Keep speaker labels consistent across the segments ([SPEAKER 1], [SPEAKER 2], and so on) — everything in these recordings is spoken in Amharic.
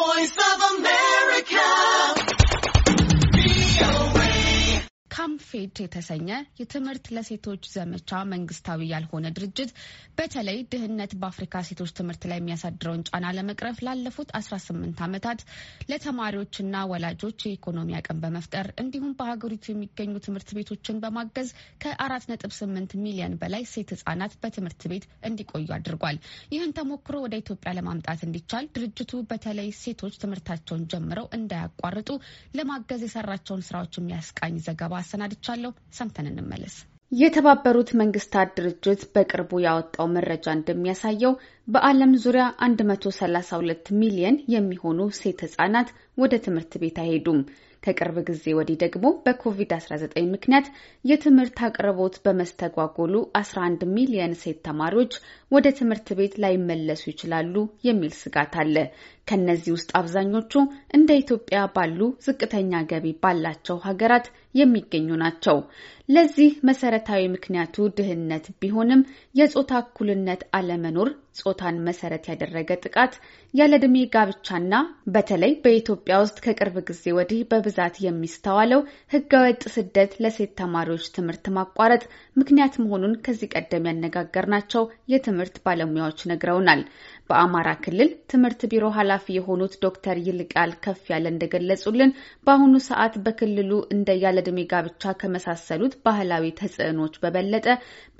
[SPEAKER 1] voice
[SPEAKER 2] ካምፌድ የተሰኘ የትምህርት ለሴቶች ዘመቻ መንግስታዊ ያልሆነ ድርጅት በተለይ ድህነት በአፍሪካ ሴቶች ትምህርት ላይ የሚያሳድረውን ጫና ለመቅረፍ ላለፉት 18 ዓመታት ለተማሪዎችና ወላጆች የኢኮኖሚ አቅም በመፍጠር እንዲሁም በሀገሪቱ የሚገኙ ትምህርት ቤቶችን በማገዝ ከ4.8 ሚሊዮን በላይ ሴት ህጻናት በትምህርት ቤት እንዲቆዩ አድርጓል። ይህን ተሞክሮ ወደ ኢትዮጵያ ለማምጣት እንዲቻል ድርጅቱ በተለይ ሴቶች ትምህርታቸውን ጀምረው እንዳያቋርጡ ለማገዝ የሰራቸውን ስራዎች የሚያስቃኝ ዘገባ አሰናድቻለሁ። ሰምተን እንመለስ። የተባበሩት መንግስታት ድርጅት በቅርቡ ያወጣው መረጃ እንደሚያሳየው በዓለም ዙሪያ 132 ሚሊየን የሚሆኑ ሴት ህጻናት ወደ ትምህርት ቤት አይሄዱም። ከቅርብ ጊዜ ወዲህ ደግሞ በኮቪድ-19 ምክንያት የትምህርት አቅርቦት በመስተጓጎሉ 11 ሚሊየን ሴት ተማሪዎች ወደ ትምህርት ቤት ላይመለሱ ይችላሉ የሚል ስጋት አለ። ከነዚህ ውስጥ አብዛኞቹ እንደ ኢትዮጵያ ባሉ ዝቅተኛ ገቢ ባላቸው ሀገራት የሚገኙ ናቸው። ለዚህ መሰረታዊ ምክንያቱ ድህነት ቢሆንም የጾታ እኩልነት አለመኖር፣ ጾታን መሰረት ያደረገ ጥቃት፣ ያለዕድሜ ጋብቻና በተለይ በኢትዮጵያ ውስጥ ከቅርብ ጊዜ ወዲህ በብዛት የሚስተዋለው ህገወጥ ስደት ለሴት ተማሪዎች ትምህርት ማቋረጥ ምክንያት መሆኑን ከዚህ ቀደም ያነጋገርናቸው የትምህርት ባለሙያዎች ነግረውናል። በአማራ ክልል ትምህርት ቢሮ ኃላፊ ኃላፊ የሆኑት ዶክተር ይልቃል ከፍ ያለ እንደገለጹልን በአሁኑ ሰዓት በክልሉ እንደ ያለዕድሜ ጋብቻ ከመሳሰሉት ባህላዊ ተጽዕኖች በበለጠ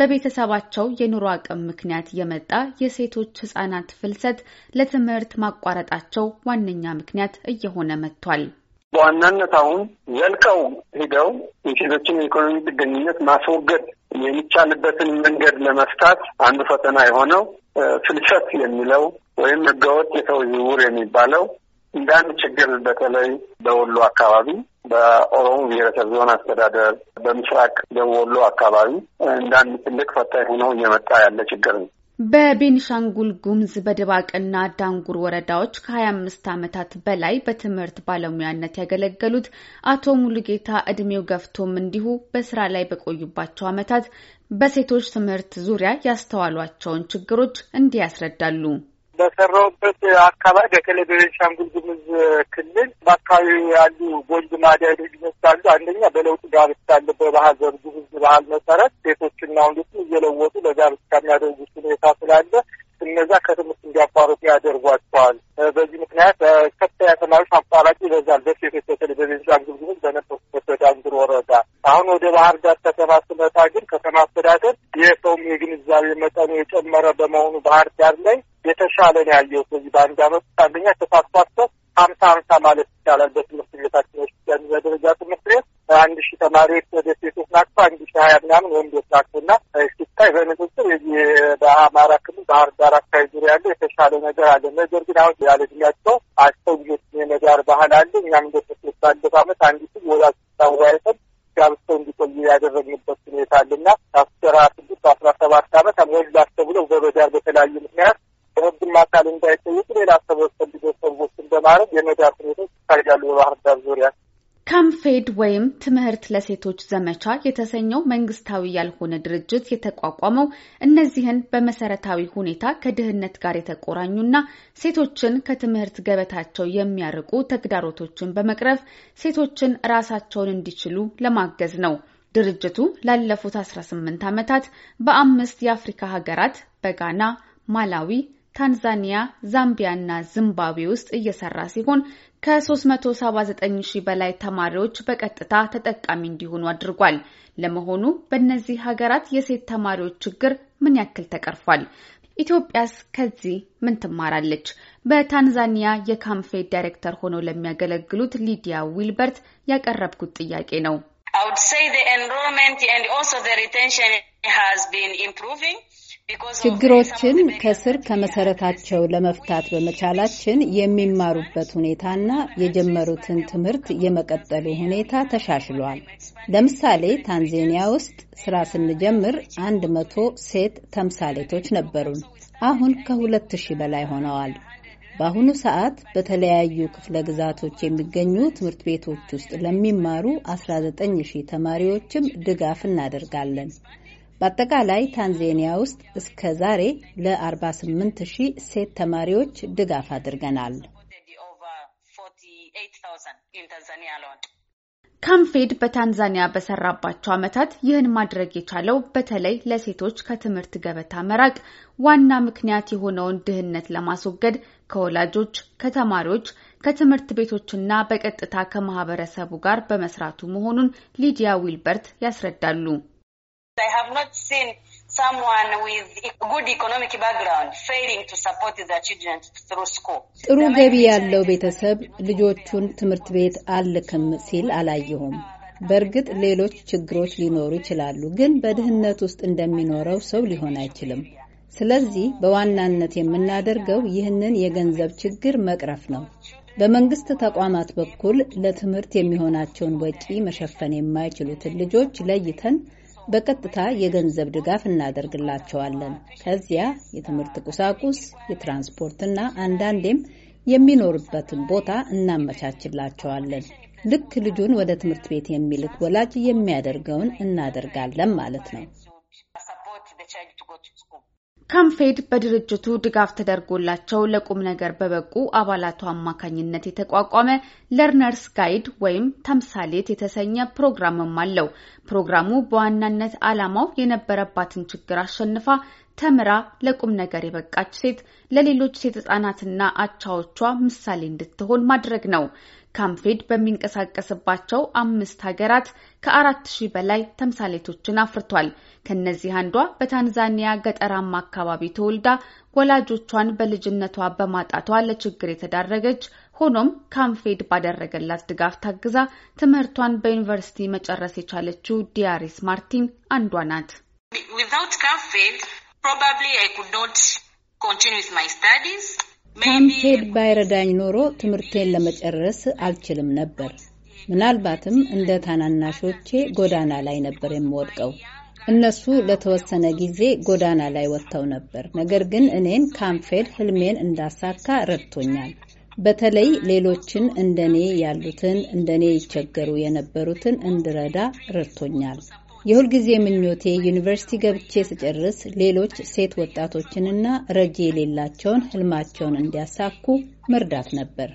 [SPEAKER 2] በቤተሰባቸው የኑሮ አቅም ምክንያት የመጣ የሴቶች ህጻናት ፍልሰት ለትምህርት ማቋረጣቸው ዋነኛ ምክንያት እየሆነ መጥቷል።
[SPEAKER 3] በዋናነት አሁን ዘልቀው ሂደው የሴቶችን የኢኮኖሚ ጥገኝነት ማስወገድ የሚቻልበትን መንገድ ለመፍታት አንዱ ፈተና የሆነው ፍልሰት የሚለው ወይም ህገወጥ የሰው ዝውውር የሚባለው እንዳንድ ችግር በተለይ በወሎ አካባቢ በኦሮሞ ብሔረሰብ ዞን አስተዳደር በምስራቅ ደቡብ ወሎ አካባቢ እንዳንድ ትልቅ ፈታኝ ሆኖ እየመጣ ያለ ችግር ነው።
[SPEAKER 2] በቤንሻንጉል ጉምዝ በደባቅና ዳንጉር ወረዳዎች ከ25 ዓመታት በላይ በትምህርት ባለሙያነት ያገለገሉት አቶ ሙሉጌታ እድሜው ገፍቶም እንዲሁ በስራ ላይ በቆዩባቸው ዓመታት በሴቶች ትምህርት ዙሪያ ያስተዋሏቸውን ችግሮች እንዲህ ያስረዳሉ።
[SPEAKER 3] በሰራውበት አካባቢ በተለይ በቤንሻንጉል ጉምዝ ክልል በአካባቢ ያሉ ጎልድ ማዳ ልዩነት አንደኛ በለውጥ ጋር ስላለ በባህል ጉምዝ ባህል መሰረት ወንድና ወንዶችን እየለወጡ ለጋብቻ የሚያደርጉት ሁኔታ ስላለ እነዛ ከትምህርት እንዲያቋርጡ ያደርጓቸዋል። በዚህ ምክንያት ከፍተኛ ተማሪዎች አቋራጭ ይበዛል። በሴቶች በተለይ በቤዛ ግብግብ በነበርኩበት በዳንግር ወረዳ። አሁን ወደ ባህር ዳር ከተማ ስመጣ ግን ከተማ አስተዳደር የሰውም የግንዛቤ መጠኑ የጨመረ በመሆኑ ባህር ዳር ላይ የተሻለ ነው ያየሁት በዚህ በአንድ አመት አንደኛ ተሳትፏቸው ሀምሳ ሀምሳ ማለት ይቻላል ተማሪዎች ወደ ሴቶች ናቅፋ እንግዲህ ሀያ ምናምን ወንዶች ናቅፉና ሲታይ በንጽጽር በአማራ ክልል ባህር ዳር አካባቢ ዙሪያ ያለው የተሻለ ነገር አለ። ነገር ግን አሁን ያለ እድሜያቸው አስተው ልጆች የመዳር ባህል አለ። እኛም እንደ ሴቶች ባለፈ አመት አንዲቱ ወላጅ ታዋይተን ጋብተው እንዲቆዩ ያደረግንበት ሁኔታ አለና አስራ ስድስት አስራ ሰባት አመት ሞላቸው ብለው በመዳር በተለያዩ ምክንያት በህግም አካል እንዳይጠየቁ ሌላ ሰበብ ፈልገው ሰዎችን በማድረግ የመዳር ሁኔታዎች ይታያሉ በባህር ዳር ዙሪያ።
[SPEAKER 2] ካምፌድ ወይም ትምህርት ለሴቶች ዘመቻ የተሰኘው መንግስታዊ ያልሆነ ድርጅት የተቋቋመው እነዚህን በመሰረታዊ ሁኔታ ከድህነት ጋር የተቆራኙና ሴቶችን ከትምህርት ገበታቸው የሚያርቁ ተግዳሮቶችን በመቅረፍ ሴቶችን ራሳቸውን እንዲችሉ ለማገዝ ነው። ድርጅቱ ላለፉት 18 ዓመታት በአምስት የአፍሪካ ሀገራት በጋና፣ ማላዊ ታንዛኒያ፣ ዛምቢያ እና ዚምባብዌ ውስጥ እየሰራ ሲሆን ከ379 ሺህ በላይ ተማሪዎች በቀጥታ ተጠቃሚ እንዲሆኑ አድርጓል። ለመሆኑ በእነዚህ ሀገራት የሴት ተማሪዎች ችግር ምን ያክል ተቀርፏል? ኢትዮጵያስ ከዚህ ምን ትማራለች? በታንዛኒያ የካምፌ ዳይሬክተር ሆነው ለሚያገለግሉት ሊዲያ ዊልበርት ያቀረብኩት ጥያቄ ነው።
[SPEAKER 1] ችግሮችን ከስር ከመሰረታቸው ለመፍታት በመቻላችን የሚማሩበት ሁኔታና የጀመሩትን ትምህርት የመቀጠሉ ሁኔታ ተሻሽሏል። ለምሳሌ ታንዜኒያ ውስጥ ስራ ስንጀምር አንድ መቶ ሴት ተምሳሌቶች ነበሩን። አሁን ከሁለት ሺህ በላይ ሆነዋል። በአሁኑ ሰዓት በተለያዩ ክፍለ ግዛቶች የሚገኙ ትምህርት ቤቶች ውስጥ ለሚማሩ 19 ሺህ ተማሪዎችም ድጋፍ እናደርጋለን። በአጠቃላይ ታንዜኒያ ውስጥ እስከ ዛሬ ለ48 ሺህ ሴት ተማሪዎች ድጋፍ አድርገናል። ካምፌድ በታንዛኒያ
[SPEAKER 2] በሰራባቸው ዓመታት ይህን ማድረግ የቻለው በተለይ ለሴቶች ከትምህርት ገበታ መራቅ ዋና ምክንያት የሆነውን ድህነት ለማስወገድ ከወላጆች፣ ከተማሪዎች፣ ከትምህርት ቤቶችና በቀጥታ ከማህበረሰቡ ጋር በመስራቱ መሆኑን ሊዲያ ዊልበርት ያስረዳሉ።
[SPEAKER 1] I have not seen ጥሩ e-, ገቢ ያለው ቤተሰብ ልጆቹን ትምህርት ቤት አልክም ሲል አላየሁም። በእርግጥ ሌሎች ችግሮች ሊኖሩ ይችላሉ፣ ግን በድህነት ውስጥ እንደሚኖረው ሰው ሊሆን አይችልም። ስለዚህ በዋናነት የምናደርገው ይህንን የገንዘብ ችግር መቅረፍ ነው። በመንግስት ተቋማት በኩል ለትምህርት የሚሆናቸውን ወጪ መሸፈን የማይችሉትን ልጆች ለይተን በቀጥታ የገንዘብ ድጋፍ እናደርግላቸዋለን። ከዚያ የትምህርት ቁሳቁስ፣ የትራንስፖርትና አንዳንዴም የሚኖርበትን ቦታ እናመቻችላቸዋለን። ልክ ልጁን ወደ ትምህርት ቤት የሚልክ ወላጅ የሚያደርገውን እናደርጋለን ማለት ነው።
[SPEAKER 2] ካምፌድ በድርጅቱ ድጋፍ ተደርጎላቸው ለቁም ነገር በበቁ አባላቱ አማካኝነት የተቋቋመ ለርነርስ ጋይድ ወይም ተምሳሌት የተሰኘ ፕሮግራምም አለው። ፕሮግራሙ በዋናነት ዓላማው የነበረባትን ችግር አሸንፋ ተምራ ለቁም ነገር የበቃች ሴት ለሌሎች ሴት ህጻናትና አቻዎቿ ምሳሌ እንድትሆን ማድረግ ነው። ካምፌድ በሚንቀሳቀስባቸው አምስት ሀገራት ከአራት ሺህ በላይ ተምሳሌቶችን አፍርቷል። ከነዚህ አንዷ በታንዛኒያ ገጠራማ አካባቢ ተወልዳ ወላጆቿን በልጅነቷ በማጣቷ ለችግር የተዳረገች ሆኖም ካምፌድ ባደረገላት ድጋፍ ታግዛ ትምህርቷን በዩኒቨርሲቲ መጨረስ የቻለችው ዲያሪስ ማርቲን አንዷ ናት።
[SPEAKER 1] ካምፔድ ባይረዳኝ ኖሮ ትምህርቴን ለመጨረስ አልችልም ነበር። ምናልባትም እንደ ታናናሾቼ ጎዳና ላይ ነበር የምወድቀው። እነሱ ለተወሰነ ጊዜ ጎዳና ላይ ወጥተው ነበር። ነገር ግን እኔን ካምፌድ ህልሜን እንዳሳካ ረድቶኛል። በተለይ ሌሎችን እንደኔ ያሉትን እንደኔ ይቸገሩ የነበሩትን እንድረዳ ረድቶኛል። የሁልጊዜ ምኞቴ ዩኒቨርሲቲ ገብቼ ስጨርስ ሌሎች ሴት ወጣቶችንና ረጂ የሌላቸውን ህልማቸውን እንዲያሳኩ መርዳት ነበር።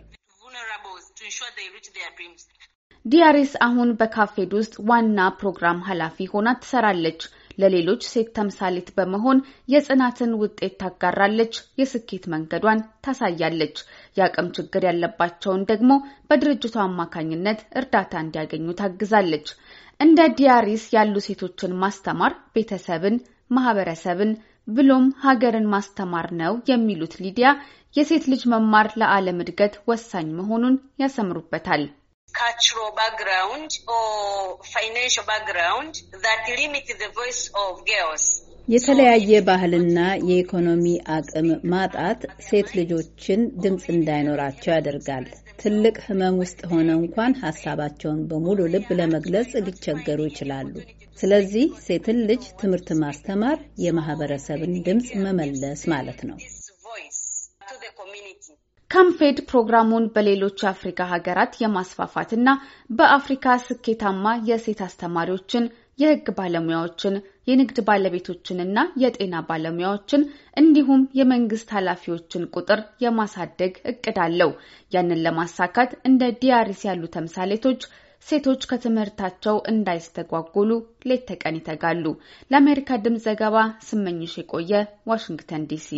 [SPEAKER 1] ዲያሪስ አሁን በካፌድ ውስጥ
[SPEAKER 2] ዋና ፕሮግራም ኃላፊ ሆና ትሰራለች። ለሌሎች ሴት ተምሳሌት በመሆን የጽናትን ውጤት ታጋራለች፣ የስኬት መንገዷን ታሳያለች። የአቅም ችግር ያለባቸውን ደግሞ በድርጅቱ አማካኝነት እርዳታ እንዲያገኙ ታግዛለች። እንደ ዲያሪስ ያሉ ሴቶችን ማስተማር ቤተሰብን፣ ማህበረሰብን ብሎም ሀገርን ማስተማር ነው የሚሉት ሊዲያ የሴት ልጅ መማር ለዓለም እድገት ወሳኝ መሆኑን ያሰምሩበታል።
[SPEAKER 1] cultural background or financial background that limit the voice of girls. የተለያየ ባህልና የኢኮኖሚ አቅም ማጣት ሴት ልጆችን ድምፅ እንዳይኖራቸው ያደርጋል። ትልቅ ሕመም ውስጥ ሆነ እንኳን ሀሳባቸውን በሙሉ ልብ ለመግለጽ ሊቸገሩ ይችላሉ። ስለዚህ ሴትን ልጅ ትምህርት ማስተማር የማህበረሰብን ድምፅ መመለስ ማለት ነው። ካምፌድ ፕሮግራሙን
[SPEAKER 2] በሌሎች የአፍሪካ ሀገራት የማስፋፋትና በአፍሪካ ስኬታማ የሴት አስተማሪዎችን፣ የህግ ባለሙያዎችን፣ የንግድ ባለቤቶችንና የጤና ባለሙያዎችን እንዲሁም የመንግስት ኃላፊዎችን ቁጥር የማሳደግ እቅድ አለው። ያንን ለማሳካት እንደ ዲያሪስ ያሉ ተምሳሌቶች ሴቶች ከትምህርታቸው እንዳይስተጓጎሉ ሌት ተቀን ይተጋሉ። ለአሜሪካ ድምፅ ዘገባ ስመኝሽ የቆየ ዋሽንግተን ዲሲ